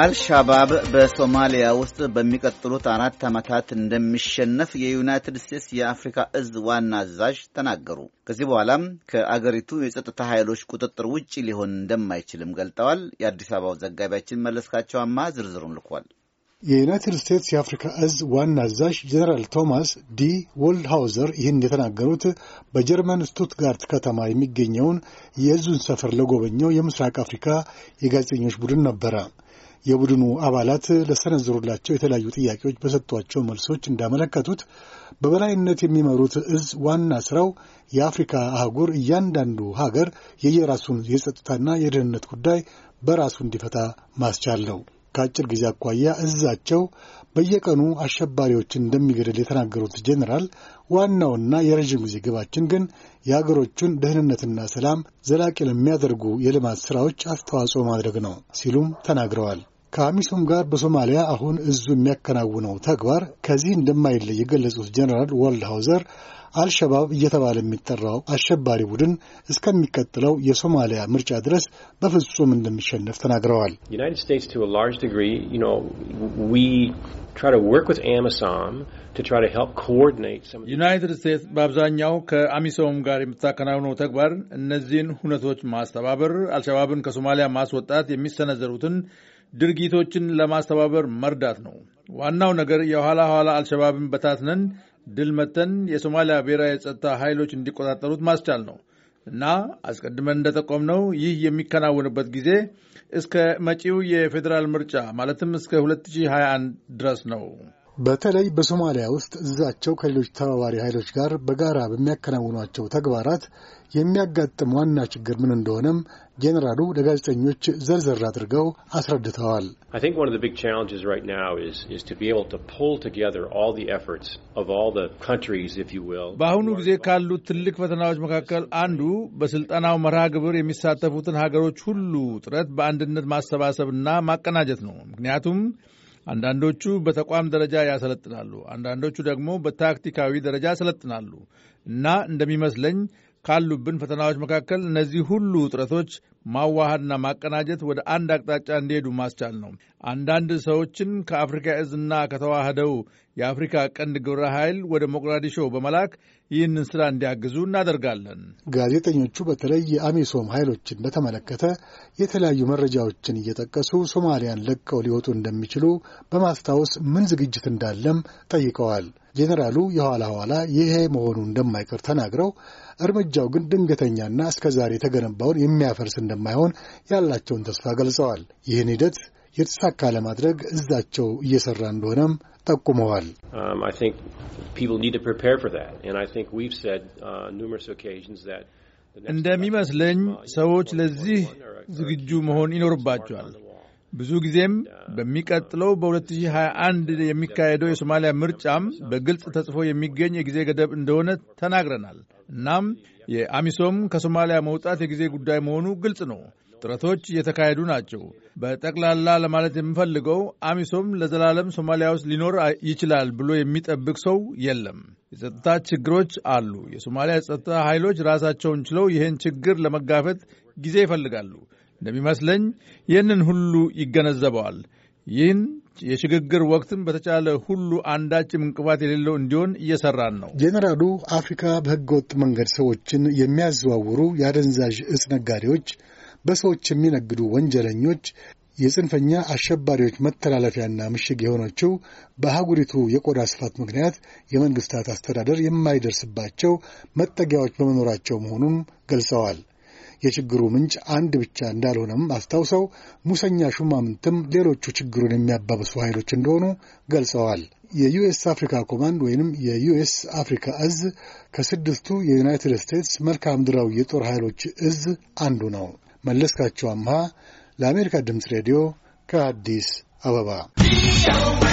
አልሻባብ በሶማሊያ ውስጥ በሚቀጥሉት አራት ዓመታት እንደሚሸነፍ የዩናይትድ ስቴትስ የአፍሪካ እዝ ዋና አዛዥ ተናገሩ። ከዚህ በኋላም ከአገሪቱ የጸጥታ ኃይሎች ቁጥጥር ውጭ ሊሆን እንደማይችልም ገልጠዋል። የአዲስ አበባው ዘጋቢያችን መለስካቸው አማ ዝርዝሩን ልኳል። የዩናይትድ ስቴትስ የአፍሪካ እዝ ዋና አዛዥ ጀነራል ቶማስ ዲ ወልድሃውዘር ይህን የተናገሩት በጀርመን ስቱትጋርት ከተማ የሚገኘውን የእዙን ሰፈር ለጎበኘው የምስራቅ አፍሪካ የጋዜጠኞች ቡድን ነበረ። የቡድኑ አባላት ለሰነዘሩላቸው የተለያዩ ጥያቄዎች በሰጧቸው መልሶች እንዳመለከቱት በበላይነት የሚመሩት እዝ ዋና ስራው የአፍሪካ አህጉር እያንዳንዱ ሀገር የየራሱን የጸጥታና የደህንነት ጉዳይ በራሱ እንዲፈታ ማስቻል ነው። ከአጭር ጊዜ አኳያ እዛቸው በየቀኑ አሸባሪዎችን እንደሚገድል የተናገሩት ጄኔራል ዋናውና የረዥም ጊዜ ግባችን ግን የአገሮቹን ደህንነትና ሰላም ዘላቂ ለሚያደርጉ የልማት ሥራዎች አስተዋጽኦ ማድረግ ነው ሲሉም ተናግረዋል። ከአሚሶም ጋር በሶማሊያ አሁን እዙ የሚያከናውነው ተግባር ከዚህ እንደማይለይ የገለጹት ጀኔራል ሃውዘር አልሸባብ እየተባለ የሚጠራው አሸባሪ ቡድን እስከሚቀጥለው የሶማሊያ ምርጫ ድረስ በፍጹም እንደሚሸነፍ ተናግረዋል። ዩናይትድ ስቴትስ በአብዛኛው ከአሚሶም ጋር የምታከናውነው ተግባር እነዚህን ሁነቶች ማስተባበር፣ አልሸባብን ከሶማሊያ ማስወጣት የሚሰነዘሩትን ድርጊቶችን ለማስተባበር መርዳት ነው። ዋናው ነገር የኋላ ኋላ አልሸባብን በታትነን ድል መተን የሶማሊያ ብሔራዊ የጸጥታ ኃይሎች እንዲቆጣጠሩት ማስቻል ነው እና አስቀድመን እንደጠቆምነው ይህ የሚከናወንበት ጊዜ እስከ መጪው የፌዴራል ምርጫ ማለትም እስከ 2021 ድረስ ነው። በተለይ በሶማሊያ ውስጥ እዛቸው ከሌሎች ተባባሪ ኃይሎች ጋር በጋራ በሚያከናውኗቸው ተግባራት የሚያጋጥም ዋና ችግር ምን እንደሆነም ጄኔራሉ ለጋዜጠኞች ዘርዘር አድርገው አስረድተዋል። በአሁኑ ጊዜ ካሉት ትልቅ ፈተናዎች መካከል አንዱ በስልጠናው መርሃ ግብር የሚሳተፉትን ሀገሮች ሁሉ ጥረት በአንድነት ማሰባሰብና ማቀናጀት ነው። ምክንያቱም አንዳንዶቹ በተቋም ደረጃ ያሰለጥናሉ፣ አንዳንዶቹ ደግሞ በታክቲካዊ ደረጃ ያሰለጥናሉ እና እንደሚመስለኝ ካሉብን ፈተናዎች መካከል እነዚህ ሁሉ ውጥረቶች ማዋሃድና ማቀናጀት ወደ አንድ አቅጣጫ እንዲሄዱ ማስቻል ነው። አንዳንድ ሰዎችን ከአፍሪካ እዝና ከተዋህደው የአፍሪካ ቀንድ ግብረ ኃይል ወደ ሞቃዲሾ በመላክ ይህንን ስራ እንዲያግዙ እናደርጋለን። ጋዜጠኞቹ በተለይ የአሚሶም ኃይሎችን በተመለከተ የተለያዩ መረጃዎችን እየጠቀሱ ሶማሊያን ለቀው ሊወጡ እንደሚችሉ በማስታወስ ምን ዝግጅት እንዳለም ጠይቀዋል። ጄኔራሉ የኋላ ኋላ ይሄ መሆኑ እንደማይቀር ተናግረው እርምጃው ግን ድንገተኛና እስከ ዛሬ የተገነባውን የሚያፈርስ እንደማይሆን ያላቸውን ተስፋ ገልጸዋል። ይህን ሂደት የተሳካ ለማድረግ እዛቸው እየሰራ እንደሆነም ጠቁመዋል። um, uh, እንደሚመስለኝ ሰዎች ለዚህ ዝግጁ መሆን ይኖርባቸዋል። ብዙ ጊዜም በሚቀጥለው በ2021 የሚካሄደው የሶማሊያ ምርጫም በግልጽ ተጽፎ የሚገኝ የጊዜ ገደብ እንደሆነ ተናግረናል። እናም የአሚሶም ከሶማሊያ መውጣት የጊዜ ጉዳይ መሆኑ ግልጽ ነው። ጥረቶች እየተካሄዱ ናቸው። በጠቅላላ ለማለት የምፈልገው አሚሶም ለዘላለም ሶማሊያ ውስጥ ሊኖር ይችላል ብሎ የሚጠብቅ ሰው የለም። የጸጥታ ችግሮች አሉ። የሶማሊያ የጸጥታ ኃይሎች ራሳቸውን ችለው ይህን ችግር ለመጋፈጥ ጊዜ ይፈልጋሉ። እንደሚመስለኝ ይህንን ሁሉ ይገነዘበዋል። ይህን የሽግግር ወቅትም በተቻለ ሁሉ አንዳችም እንቅፋት የሌለው እንዲሆን እየሰራን ነው። ጄኔራሉ አፍሪካ በህገወጥ ወጥ መንገድ ሰዎችን የሚያዘዋውሩ የአደንዛዥ እጽ ነጋዴዎች፣ በሰዎች የሚነግዱ ወንጀለኞች የጽንፈኛ አሸባሪዎች መተላለፊያና ምሽግ የሆነችው በአህጉሪቱ የቆዳ ስፋት ምክንያት የመንግስታት አስተዳደር የማይደርስባቸው መጠጊያዎች በመኖራቸው መሆኑን ገልጸዋል። የችግሩ ምንጭ አንድ ብቻ እንዳልሆነም አስታውሰው ሙሰኛ ሹማምንትም ሌሎቹ ችግሩን የሚያባብሱ ኃይሎች እንደሆኑ ገልጸዋል። የዩኤስ አፍሪካ ኮማንድ ወይንም የዩኤስ አፍሪካ እዝ ከስድስቱ የዩናይትድ ስቴትስ መልክዓ ምድራዊ የጦር ኃይሎች እዝ አንዱ ነው። መለስካቸው አምሃ ለአሜሪካ ድምፅ ሬዲዮ ከአዲስ አበባ